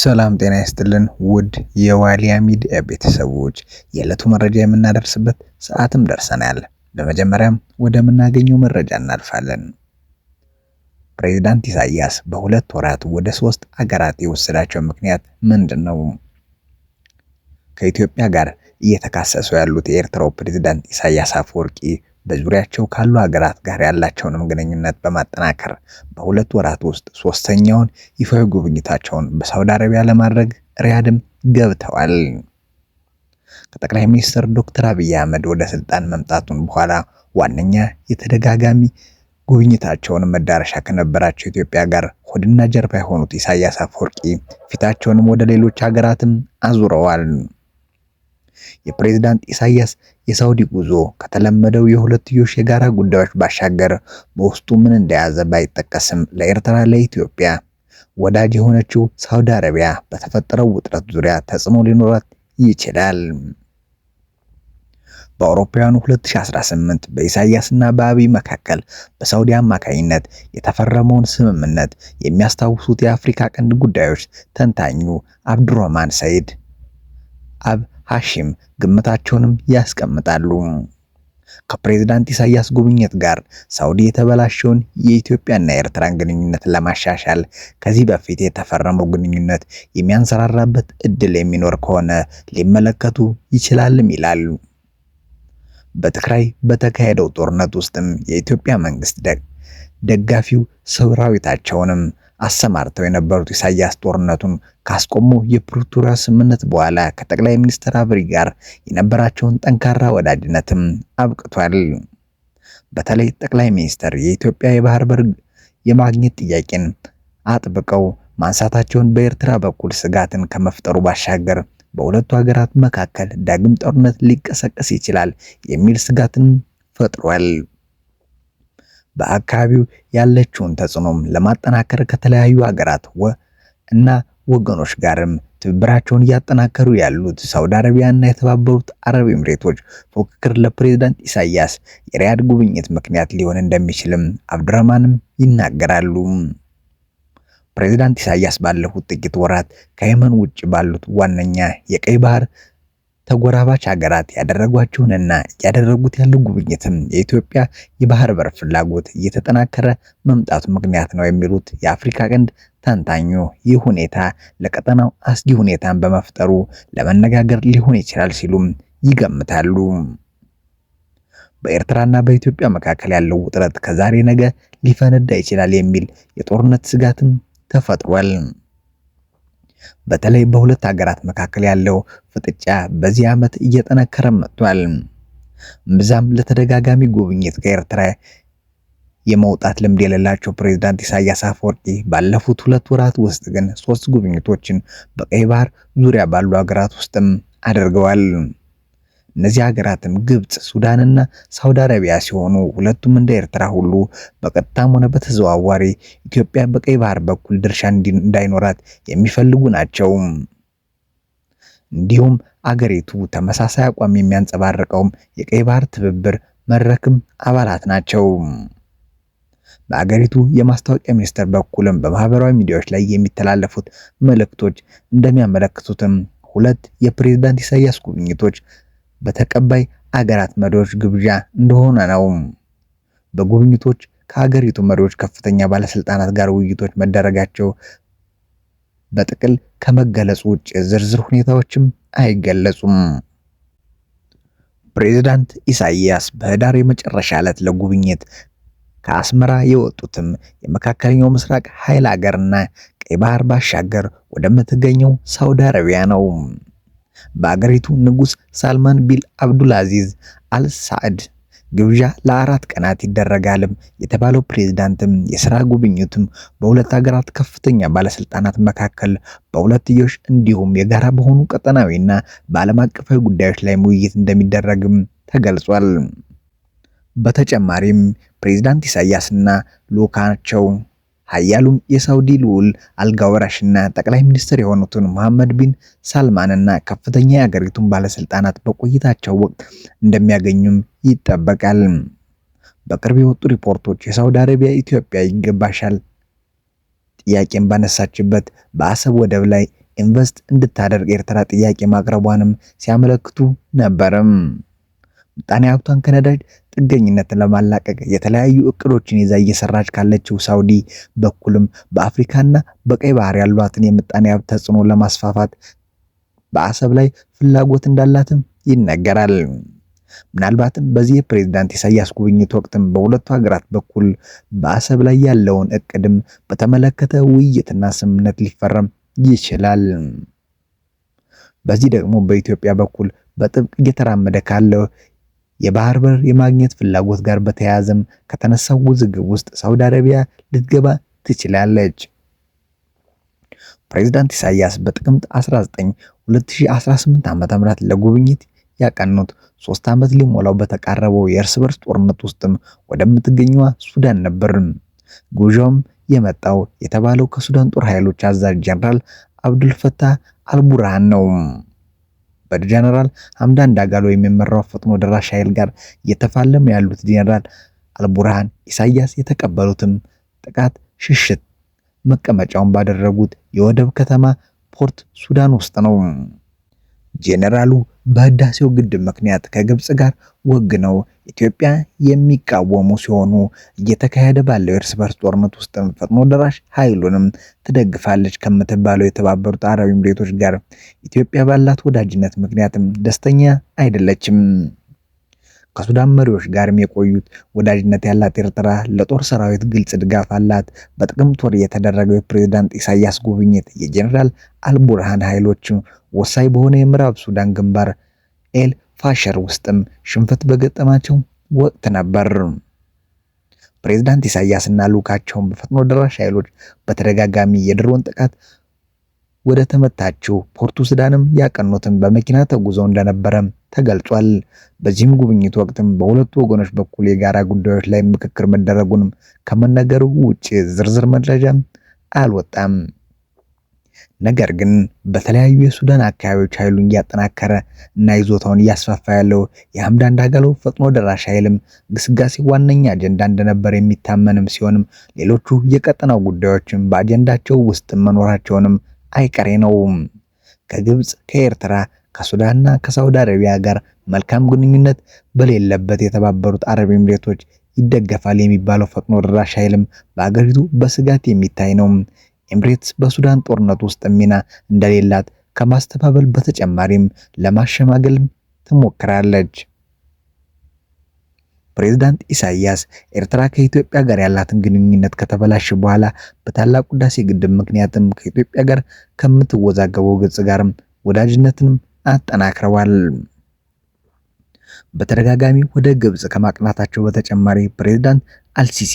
ሰላም ጤና ይስጥልን ውድ የዋሊያ ሚዲያ ቤተሰቦች፣ የዕለቱ መረጃ የምናደርስበት ሰዓትም ደርሰናል። በመጀመሪያም ወደምናገኘው መረጃ እናልፋለን። ፕሬዚዳንት ኢሳያስ በሁለት ወራት ወደ ሶስት አገራት የወሰዳቸው ምክንያት ምንድን ነው? ከኢትዮጵያ ጋር እየተካሰሱ ያሉት የኤርትራው ፕሬዚዳንት ኢሳያስ አፈወርቂ በዙሪያቸው ካሉ ሀገራት ጋር ያላቸውንም ግንኙነት በማጠናከር በሁለት ወራት ውስጥ ሶስተኛውን ይፋዊ ጉብኝታቸውን በሳውዲ አረቢያ ለማድረግ ሪያድም ገብተዋል። ከጠቅላይ ሚኒስትር ዶክተር አብይ አህመድ ወደ ስልጣን መምጣቱን በኋላ ዋነኛ የተደጋጋሚ ጉብኝታቸውን መዳረሻ ከነበራቸው ኢትዮጵያ ጋር ሆድና ጀርባ የሆኑት ኢሳያስ አፈወርቂ ፊታቸውንም ወደ ሌሎች ሀገራትም አዙረዋል። የፕሬዝዳንት ኢሳያስ የሳውዲ ጉዞ ከተለመደው የሁለትዮሽ የጋራ ጉዳዮች ባሻገር በውስጡ ምን እንደያዘ ባይጠቀስም ለኤርትራ፣ ለኢትዮጵያ ወዳጅ የሆነችው ሳውዲ አረቢያ በተፈጠረው ውጥረት ዙሪያ ተጽዕኖ ሊኖራት ይችላል። በአውሮፓውያኑ 2018 በኢሳያስና በአብይ መካከል በሳውዲ አማካኝነት የተፈረመውን ስምምነት የሚያስታውሱት የአፍሪካ ቀንድ ጉዳዮች ተንታኙ አብዱረህማን ሰይድ አብ ሐሺም ግምታቸውንም ያስቀምጣሉ። ከፕሬዝዳንት ኢሳያስ ጉብኝት ጋር ሳውዲ የተበላሸውን የኢትዮጵያና የኤርትራን ግንኙነት ለማሻሻል ከዚህ በፊት የተፈረመው ግንኙነት የሚያንሰራራበት እድል የሚኖር ከሆነ ሊመለከቱ ይችላልም ይላሉ። በትግራይ በተካሄደው ጦርነት ውስጥም የኢትዮጵያ መንግስት ደጋፊው ሰራዊታቸውንም አሰማርተው የነበሩት ኢሳያስ ጦርነቱን ካስቆመው የፕሪቶሪያ ስምምነት በኋላ ከጠቅላይ ሚኒስትር አብሪ ጋር የነበራቸውን ጠንካራ ወዳጅነትም አብቅቷል። በተለይ ጠቅላይ ሚኒስትር የኢትዮጵያ የባህር በር የማግኘት ጥያቄን አጥብቀው ማንሳታቸውን በኤርትራ በኩል ስጋትን ከመፍጠሩ ባሻገር በሁለቱ ሀገራት መካከል ዳግም ጦርነት ሊቀሰቀስ ይችላል የሚል ስጋትን ፈጥሯል። በአካባቢው ያለችውን ተጽዕኖም ለማጠናከር ከተለያዩ ሀገራት እና ወገኖች ጋርም ትብብራቸውን እያጠናከሩ ያሉት ሳውዲ አረቢያና የተባበሩት አረብ ኤምሬቶች ፉክክር ለፕሬዝዳንት ኢሳያስ የሪያድ ጉብኝት ምክንያት ሊሆን እንደሚችልም አብዱረህማንም ይናገራሉ። ፕሬዝዳንት ኢሳያስ ባለፉት ጥቂት ወራት ከየመን ውጭ ባሉት ዋነኛ የቀይ ባህር ተጎራባች ሀገራት ያደረጓቸውንና እያደረጉት ያሉ ጉብኝትም የኢትዮጵያ የባህር በር ፍላጎት እየተጠናከረ መምጣቱ ምክንያት ነው የሚሉት የአፍሪካ ቀንድ ተንታኙ ይህ ሁኔታ ለቀጠናው አስጊ ሁኔታን በመፍጠሩ ለመነጋገር ሊሆን ይችላል ሲሉም ይገምታሉ። በኤርትራና በኢትዮጵያ መካከል ያለው ውጥረት ከዛሬ ነገ ሊፈነዳ ይችላል የሚል የጦርነት ስጋትም ተፈጥሯል። በተለይ በሁለት ሀገራት መካከል ያለው ፍጥጫ በዚህ ዓመት እየጠነከረ መጥቷል። እምብዛም ለተደጋጋሚ ጉብኝት ከኤርትራ የመውጣት ልምድ የሌላቸው ፕሬዝዳንት ኢሳያስ አፈወርቂ ባለፉት ሁለት ወራት ውስጥ ግን ሶስት ጉብኝቶችን በቀይ ባህር ዙሪያ ባሉ ሀገራት ውስጥም አድርገዋል። እነዚህ ሀገራትም ግብፅ፣ ሱዳንና ሳውዲ አረቢያ ሲሆኑ ሁለቱም እንደ ኤርትራ ሁሉ በቀጥታም ሆነ በተዘዋዋሪ ኢትዮጵያ በቀይ ባህር በኩል ድርሻ እንዳይኖራት የሚፈልጉ ናቸው። እንዲሁም አገሪቱ ተመሳሳይ አቋም የሚያንጸባርቀውም የቀይ ባህር ትብብር መድረክም አባላት ናቸው። በአገሪቱ የማስታወቂያ ሚኒስቴር በኩልም በማህበራዊ ሚዲያዎች ላይ የሚተላለፉት መልእክቶች እንደሚያመለክቱትም ሁለት የፕሬዝዳንት ኢሳያስ ጉብኝቶች በተቀባይ አገራት መሪዎች ግብዣ እንደሆነ ነው። በጉብኝቶች ከሀገሪቱ መሪዎች ከፍተኛ ባለስልጣናት ጋር ውይይቶች መደረጋቸው በጥቅል ከመገለጹ ውጭ ዝርዝር ሁኔታዎችም አይገለጹም። ፕሬዝዳንት ኢሳያስ በህዳር የመጨረሻ ዕለት ለጉብኝት ከአስመራ የወጡትም የመካከለኛው ምስራቅ ኃይል አገርና ቀይ ባህር ባሻገር ወደምትገኘው ሳውዲ አረቢያ ነው። በአገሪቱ ንጉስ ሳልማን ቢል አብዱልአዚዝ አልሳዕድ ግብዣ ለአራት ቀናት ይደረጋልም የተባለው ፕሬዝዳንትም የሥራ ጉብኝቱም በሁለት ሀገራት ከፍተኛ ባለስልጣናት መካከል በሁለትዮሽ እንዲሁም የጋራ በሆኑ ቀጠናዊና በዓለም አቀፋዊ ጉዳዮች ላይ ውይይት እንደሚደረግም ተገልጿል። በተጨማሪም ፕሬዝዳንት ኢሳያስና ልዑካቸው ሀያሉን የሳውዲ ልዑል ወራሽና ጠቅላይ ሚኒስትር የሆኑትን መሐመድ ቢን ሳልማንና ከፍተኛ የአገሪቱን ባለስልጣናት በቆይታቸው ወቅት እንደሚያገኙም ይጠበቃል። በቅርብ የወጡ ሪፖርቶች የሳውዲ አረቢያ ኢትዮጵያ ይገባሻል ጥያቄን ባነሳችበት በአሰብ ወደብ ላይ ኢንቨስት እንድታደርግ ኤርትራ ጥያቄ ማቅረቧንም ሲያመለክቱ ነበርም። ምጣኔ ሀብቷን ከነዳጅ ጥገኝነትን ለማላቀቅ የተለያዩ እቅዶችን ይዛ እየሰራች ካለችው ሳውዲ በኩልም በአፍሪካና በቀይ ባህር ያሏትን የምጣኔ ሀብት ተጽዕኖ ለማስፋፋት በአሰብ ላይ ፍላጎት እንዳላትም ይነገራል። ምናልባትም በዚህ የፕሬዝዳንት ኢሳያስ ጉብኝት ወቅትም በሁለቱ ሀገራት በኩል በአሰብ ላይ ያለውን እቅድም በተመለከተ ውይይትና ስምምነት ሊፈረም ይችላል። በዚህ ደግሞ በኢትዮጵያ በኩል በጥብቅ እየተራመደ ካለው የባህር በር የማግኘት ፍላጎት ጋር በተያያዘም ከተነሳው ውዝግብ ውስጥ ሳውዲ አረቢያ ልትገባ ትችላለች። ፕሬዝዳንት ኢሳያስ በጥቅምት 19 2018 ዓ.ም ለጉብኝት ያቀኑት ሶስት ዓመት ሊሞላው በተቃረበው የእርስ በርስ ጦርነት ውስጥም ወደምትገኘዋ ሱዳን ነበር። ጉዞም የመጣው የተባለው ከሱዳን ጦር ኃይሎች አዛዥ ጀነራል አብዱልፈታህ አልቡርሃን ነው። ጀነራል ሀምዳን ዳጋሎ የሚመራው ፈጥኖ ደራሽ ኃይል ጋር እየተፋለሙ ያሉት ጀነራል አልቡርሃን ኢሳያስ የተቀበሉትም ጥቃት ሽሽት መቀመጫውን ባደረጉት የወደብ ከተማ ፖርት ሱዳን ውስጥ ነው። ጄኔራሉ በህዳሴው ግድብ ምክንያት ከግብፅ ጋር ወግነው ኢትዮጵያ የሚቃወሙ ሲሆኑ እየተካሄደ ባለው የእርስ በርስ ጦርነት ውስጥም ፈጥኖ ደራሽ ኃይሉንም ትደግፋለች ከምትባለው የተባበሩት አረብ ኤምሬቶች ጋር ኢትዮጵያ ባላት ወዳጅነት ምክንያትም ደስተኛ አይደለችም። ከሱዳን መሪዎች ጋርም የቆዩት ወዳጅነት ያላት ኤርትራ ለጦር ሰራዊት ግልጽ ድጋፍ አላት። በጥቅምት ወር የተደረገው የፕሬዝዳንት ኢሳያስ ጉብኝት የጀኔራል አልቡርሃን ኃይሎች ወሳኝ በሆነ የምዕራብ ሱዳን ግንባር ኤል ፋሸር ውስጥም ሽንፈት በገጠማቸው ወቅት ነበር። ፕሬዝዳንት እና ልዑካቸውን በፈጥኖ ደራሽ ኃይሎች በተደጋጋሚ የድሮን ጥቃት ወደ ተመታችው ፖርቱ ሱዳንም ያቀኑትን በመኪና ተጉዘው እንደነበረ ተገልጿል። በዚህም ጉብኝት ወቅትም በሁለቱ ወገኖች በኩል የጋራ ጉዳዮች ላይ ምክክር መደረጉንም ከመነገሩ ውጭ ዝርዝር መረጃ አልወጣም። ነገር ግን በተለያዩ የሱዳን አካባቢዎች ኃይሉን እያጠናከረ እና ይዞታውን እያስፋፋ ያለው የሐምዳን ዳጋሎ ፈጥኖ ደራሽ ኃይልም ግስጋሴ ዋነኛ አጀንዳ እንደነበር የሚታመንም ሲሆንም ሌሎቹ የቀጠናው ጉዳዮችም በአጀንዳቸው ውስጥ መኖራቸውንም አይቀሬ ነው። ከግብፅ፣ ከኤርትራ፣ ከሱዳንና ከሳውዲ አረቢያ ጋር መልካም ግንኙነት በሌለበት የተባበሩት አረብ ኤሚሬቶች ይደገፋል የሚባለው ፈጥኖ ደራሽ ኃይልም በአገሪቱ በስጋት የሚታይ ነው። ኤምሬትስ በሱዳን ጦርነት ውስጥ ሚና እንደሌላት ከማስተባበል በተጨማሪም ለማሸማገልም ትሞክራለች። ፕሬዝዳንት ኢሳያስ ኤርትራ ከኢትዮጵያ ጋር ያላትን ግንኙነት ከተበላሸ በኋላ በታላቁ ሕዳሴ ግድብ ምክንያትም ከኢትዮጵያ ጋር ከምትወዛገበው ግብጽ ጋርም ወዳጅነትንም አጠናክረዋል። በተደጋጋሚ ወደ ግብጽ ከማቅናታቸው በተጨማሪ ፕሬዝዳንት አልሲሲ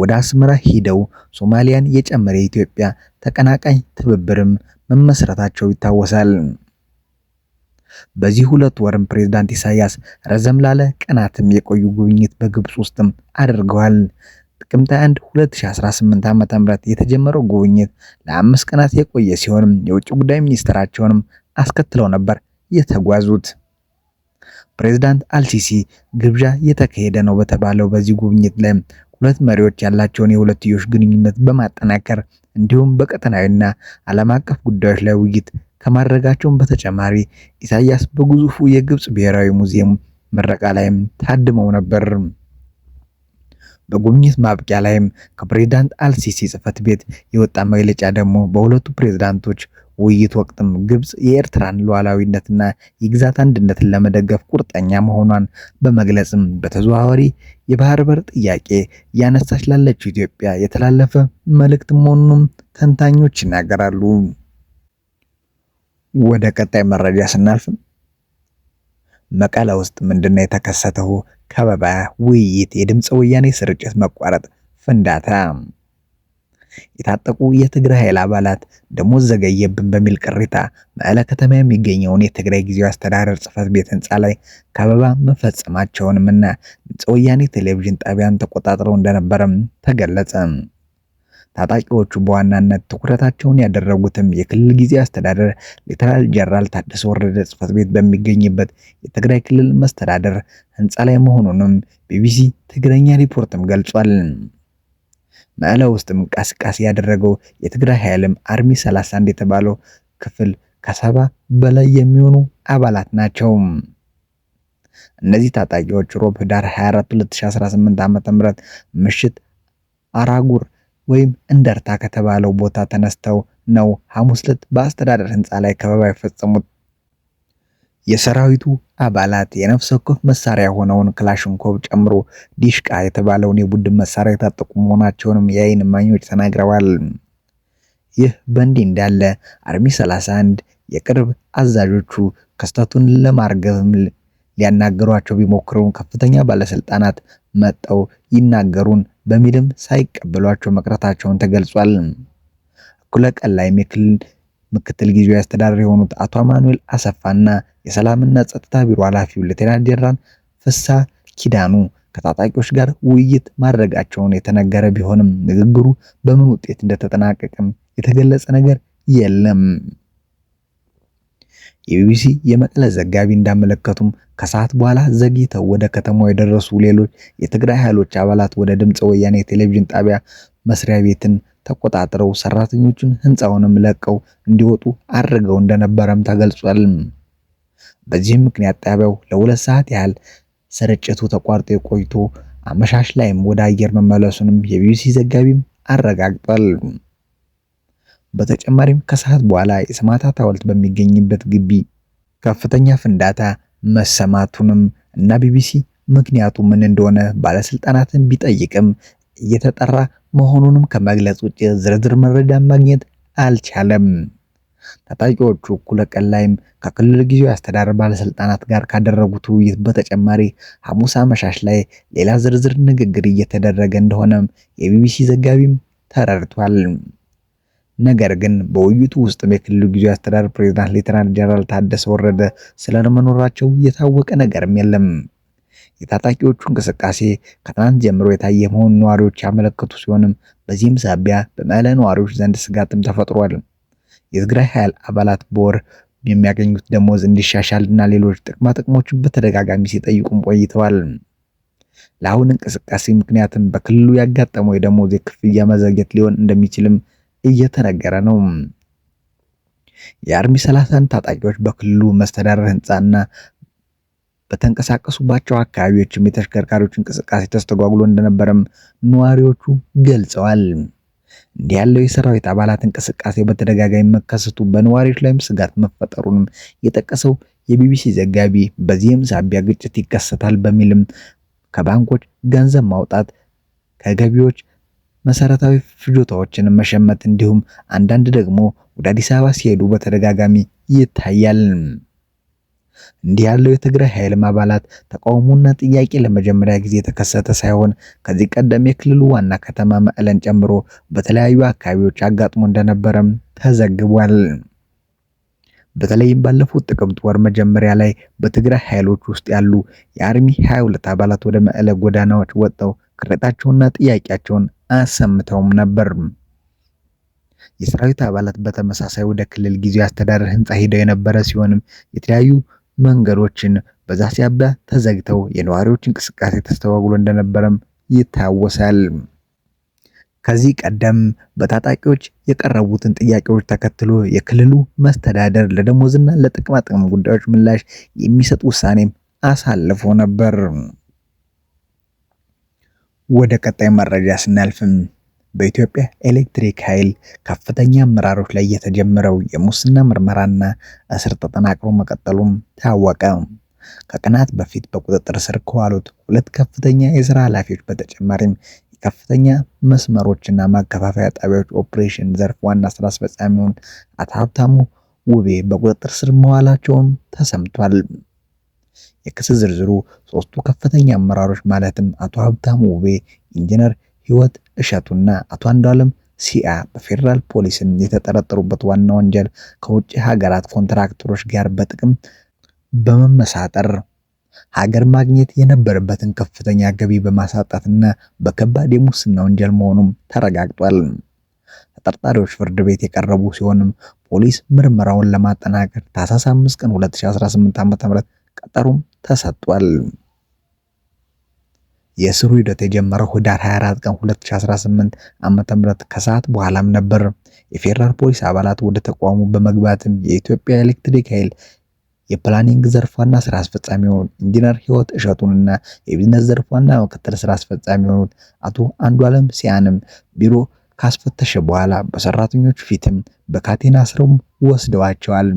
ወደ አስመራ ሂደው ሶማሊያን የጨመረ የኢትዮጵያ ተቀናቃኝ ትብብርም መመስረታቸው ይታወሳል። በዚህ ሁለት ወርም ፕሬዝዳንት ኢሳያስ ረዘም ላለ ቀናትም የቆዩ ጉብኝት በግብፅ ውስጥም አድርገዋል። ጥቅምት 1 2018 ዓ.ም የተጀመረው ጉብኝት ለአምስት ቀናት የቆየ ሲሆንም የውጭ ጉዳይ ሚኒስትራቸውንም አስከትለው ነበር የተጓዙት። ፕሬዝዳንት አልሲሲ ግብዣ የተካሄደ ነው በተባለው በዚህ ጉብኝት ላይ ሁለት መሪዎች ያላቸውን የሁለትዮሽ ግንኙነት በማጠናከር እንዲሁም በቀጠናዊና ዓለም አቀፍ ጉዳዮች ላይ ውይይት ከማድረጋቸውም በተጨማሪ ኢሳያስ በግዙፉ የግብፅ ብሔራዊ ሙዚየም ምረቃ ላይም ታድመው ነበር። በጉብኝት ማብቂያ ላይም ከፕሬዝዳንት አልሲሲ ጽህፈት ቤት የወጣ መግለጫ ደግሞ በሁለቱ ፕሬዝዳንቶች ውይይት ወቅትም ግብፅ የኤርትራን ሉዓላዊነትና የግዛት አንድነትን ለመደገፍ ቁርጠኛ መሆኗን በመግለጽም በተዘዋዋሪ የባህር በር ጥያቄ እያነሳች ላለችው ኢትዮጵያ የተላለፈ መልእክት መሆኑንም ተንታኞች ይናገራሉ። ወደ ቀጣይ መረጃ ስናልፍም መቀለ ውስጥ ምንድነው የተከሰተው? ከበባ፣ ውይይት፣ የድምፅ ወያኔ ስርጭት መቋረጥ፣ ፍንዳታ። የታጠቁ የትግራይ ኃይል አባላት ደሞዝ ዘገየብን በሚል ቅሬታ መቀለ ከተማ የሚገኘውን የትግራይ ጊዜው አስተዳደር ጽፈት ቤት ህንፃ ላይ ከበባ መፈጸማቸውንም እና ድምፅ ወያኔ ቴሌቪዥን ጣቢያን ተቆጣጥረው እንደነበረም ተገለጸም። ታጣቂዎቹ በዋናነት ትኩረታቸውን ያደረጉትም የክልል ጊዜ አስተዳደር ሌተናል ጀነራል ታደሰ ወረደ ጽሕፈት ቤት በሚገኝበት የትግራይ ክልል መስተዳደር ህንፃ ላይ መሆኑንም ቢቢሲ ትግረኛ ሪፖርትም ገልጿል። መዕለ ውስጥም እንቅስቃሴ ያደረገው የትግራይ ኃይልም አርሚ 31 የተባለው ክፍል ከሰባ በላይ የሚሆኑ አባላት ናቸው። እነዚህ ታጣቂዎች ሮብ ኅዳር 24 2018 ዓ.ም ምሽት አራጉር ወይም እንደርታ ከተባለው ቦታ ተነስተው ነው ሐሙስ ዕለት በአስተዳደር ህንፃ ላይ ከበባ የፈጸሙት። የሰራዊቱ አባላት የነፍስ ወከፍ መሳሪያ ሆነውን ክላሽንኮቭ ጨምሮ ዲሽቃ የተባለውን የቡድን መሳሪያ የታጠቁ መሆናቸውንም የአይን እማኞች ተናግረዋል። ይህ በእንዲህ እንዳለ አርሚ 31 የቅርብ አዛዦቹ ክስተቱን ለማርገብም ሊያናገሯቸው ቢሞክሩም ከፍተኛ ባለስልጣናት መጠው ይናገሩን በሚልም ሳይቀበሏቸው መቅረታቸውን ተገልጿል። እኩለ ቀን ላይም የክልል ምክትል ጊዜያዊ አስተዳዳሪ የሆኑት አቶ አማኑኤል አሰፋና የሰላምና ጸጥታ ቢሮ ኃላፊው ሌተናንት ጀነራል ፍሳ ኪዳኑ ከታጣቂዎች ጋር ውይይት ማድረጋቸውን የተነገረ ቢሆንም ንግግሩ በምን ውጤት እንደተጠናቀቀም የተገለጸ ነገር የለም። የቢቢሲ የመቀለ ዘጋቢ እንዳመለከቱም ከሰዓት በኋላ ዘግይተው ወደ ከተማው የደረሱ ሌሎች የትግራይ ኃይሎች አባላት ወደ ድምፅ ወያኔ ቴሌቪዥን ጣቢያ መስሪያ ቤትን ተቆጣጥረው ሰራተኞቹን ህንፃውንም ለቀው እንዲወጡ አድርገው እንደነበረም ተገልጿል። በዚህም ምክንያት ጣቢያው ለሁለት ሰዓት ያህል ስርጭቱ ተቋርጦ ቆይቶ አመሻሽ ላይም ወደ አየር መመለሱንም የቢቢሲ ዘጋቢም አረጋግጧል። በተጨማሪም ከሰዓት በኋላ የሰማዕታት ሐውልት በሚገኝበት ግቢ ከፍተኛ ፍንዳታ መሰማቱንም እና ቢቢሲ ምክንያቱ ምን እንደሆነ ባለስልጣናትን ቢጠይቅም እየተጠራ መሆኑንም ከመግለጽ ውጭ ዝርዝር መረጃ ማግኘት አልቻለም። ታጣቂዎቹ እኩለ ቀን ላይም ከክልል ጊዜያዊ አስተዳደር ባለስልጣናት ጋር ካደረጉት ውይይት በተጨማሪ ሐሙስ አመሻሽ ላይ ሌላ ዝርዝር ንግግር እየተደረገ እንደሆነም የቢቢሲ ዘጋቢም ተረድቷል። ነገር ግን በውይይቱ ውስጥ የክልሉ ጊዜያዊ አስተዳደር ፕሬዝዳንት ሌተናል ጀነራል ታደሰ ወረደ ስለመኖራቸው የታወቀ ነገርም የለም። የታጣቂዎቹ እንቅስቃሴ ከትናንት ጀምሮ የታየ መሆኑን ነዋሪዎች ያመለከቱ ሲሆንም በዚህም ሳቢያ በመለ ነዋሪዎች ዘንድ ስጋትም ተፈጥሯል። የትግራይ ኃይል አባላት በወር የሚያገኙት ደሞዝ እንዲሻሻልና ሌሎች ጥቅማ ጥቅሞችን በተደጋጋሚ ሲጠይቁም ቆይተዋል። ለአሁን እንቅስቃሴ ምክንያትም በክልሉ ያጋጠመው የደሞዝ የክፍያ መዘግየት ሊሆን እንደሚችልም እየተነገረ ነው። የአርሚ ሰላሳን ታጣቂዎች በክልሉ መስተዳደር ህንፃና በተንቀሳቀሱባቸው አካባቢዎችም የተሽከርካሪዎች እንቅስቃሴ ተስተጓጉሎ እንደነበረም ነዋሪዎቹ ገልጸዋል። እንዲህ ያለው የሰራዊት አባላት እንቅስቃሴ በተደጋጋሚ መከሰቱ በነዋሪዎች ላይም ስጋት መፈጠሩንም የጠቀሰው የቢቢሲ ዘጋቢ በዚህም ሳቢያ ግጭት ይከሰታል በሚልም ከባንኮች ገንዘብ ማውጣት ከገቢዎች መሰረታዊ ፍጆታዎችን መሸመት እንዲሁም አንዳንድ ደግሞ ወደ አዲስ አበባ ሲሄዱ በተደጋጋሚ ይታያል። እንዲህ ያለው የትግራይ ኃይልም አባላት ተቃውሞና ጥያቄ ለመጀመሪያ ጊዜ የተከሰተ ሳይሆን ከዚህ ቀደም የክልሉ ዋና ከተማ መቀለን ጨምሮ በተለያዩ አካባቢዎች አጋጥሞ እንደነበረም ተዘግቧል። በተለይም ባለፉት ጥቅምት ወር መጀመሪያ ላይ በትግራይ ኃይሎች ውስጥ ያሉ የአርሚ 22 አባላት ወደ መቀለ ጎዳናዎች ወጥተው ቅሬታቸውንና ጥያቄያቸውን አሰምተውም ነበር። የሰራዊት አባላት በተመሳሳይ ወደ ክልል ጊዜያዊ አስተዳደር ህንፃ ሄደው የነበረ ሲሆንም የተለያዩ መንገዶችን በዛ ሲያበ ተዘግተው የነዋሪዎች እንቅስቃሴ ተስተጓጉሎ እንደነበረም ይታወሳል። ከዚህ ቀደም በታጣቂዎች የቀረቡትን ጥያቄዎች ተከትሎ የክልሉ መስተዳደር ለደሞዝና ለጥቅማጥቅም ጉዳዮች ምላሽ የሚሰጥ ውሳኔም አሳልፎ ነበር። ወደ ቀጣይ መረጃ ስናልፍም በኢትዮጵያ ኤሌክትሪክ ኃይል ከፍተኛ አመራሮች ላይ የተጀመረው የሙስና ምርመራና እስር ተጠናቅሮ መቀጠሉም ታወቀ። ከቀናት በፊት በቁጥጥር ስር ከዋሉት ሁለት ከፍተኛ የስራ ኃላፊዎች በተጨማሪም የከፍተኛ መስመሮችና ማከፋፈያ ጣቢያዎች ኦፕሬሽን ዘርፍ ዋና ስራ አስፈጻሚውን አቶ ሀብታሙ ውቤ በቁጥጥር ስር መዋላቸውን ተሰምቷል። የክስ ዝርዝሩ ሶስቱ ከፍተኛ አመራሮች ማለትም አቶ ሀብታሙ ውቤ፣ ኢንጂነር ህይወት እሸቱና አቶ አንዷለም ሲያ በፌዴራል ፖሊስም የተጠረጠሩበት ዋና ወንጀል ከውጭ ሀገራት ኮንትራክተሮች ጋር በጥቅም በመመሳጠር ሀገር ማግኘት የነበረበትን ከፍተኛ ገቢ በማሳጣትና በከባድ የሙስና ወንጀል መሆኑም ተረጋግጧል። ተጠርጣሪዎች ፍርድ ቤት የቀረቡ ሲሆንም ፖሊስ ምርመራውን ለማጠናቀር ታህሳስ 5 ቀን 2018 ዓ.ም ቀጠሩም ተሰጥቷል። የስሩ ሂደት የጀመረው ህዳር 24 ቀን 2018 ዓ.ም ከሰዓት በኋላም ነበር። የፌዴራል ፖሊስ አባላት ወደ ተቋሙ በመግባትም የኢትዮጵያ ኤሌክትሪክ ኃይል የፕላኒንግ ዘርፍ ዋና ስራ አስፈጻሚ የሆኑት ኢንጂነር ህይወት እሸቱንና የቢዝነስ ዘርፍ ዋና ምክትል ስራ አስፈጻሚ የሆኑት አቶ አንዷለም ሲያንም ቢሮ ካስፈተሸ በኋላ በሰራተኞች ፊትም በካቴና ስርም ወስደዋቸዋል።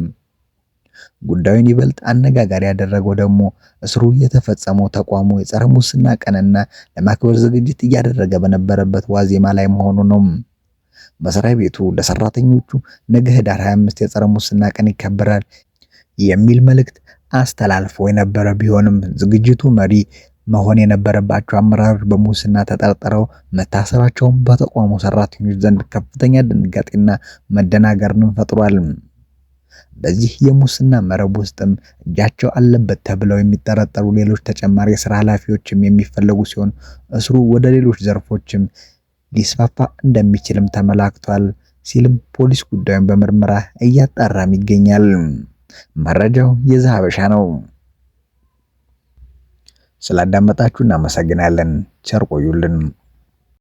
ጉዳዩን ይበልጥ አነጋጋሪ ያደረገው ደግሞ እስሩ የተፈጸመው ተቋሙ የጸረ ሙስና ቀንና ለማክበር ዝግጅት እያደረገ በነበረበት ዋዜማ ላይ መሆኑ ነው። መስሪያ ቤቱ ለሰራተኞቹ ነገ ህዳር 25 የጸረ ሙስና ቀን ይከበራል የሚል መልእክት አስተላልፎ የነበረ ቢሆንም ዝግጅቱ መሪ መሆን የነበረባቸው አመራሮች በሙስና ተጠርጥረው መታሰራቸውን በተቋሙ ሰራተኞች ዘንድ ከፍተኛ ድንጋጤና መደናገርንም ፈጥሯል። በዚህ የሙስና መረብ ውስጥም እጃቸው አለበት ተብለው የሚጠረጠሩ ሌሎች ተጨማሪ የስራ ኃላፊዎችም የሚፈለጉ ሲሆን እስሩ ወደ ሌሎች ዘርፎችም ሊስፋፋ እንደሚችልም ተመላክቷል ሲልም ፖሊስ ጉዳዩን በምርመራ እያጣራም ይገኛል። መረጃው የዘሀበሻ ነው። ስላዳመጣችሁ እናመሰግናለን። ቸር ቆዩልን።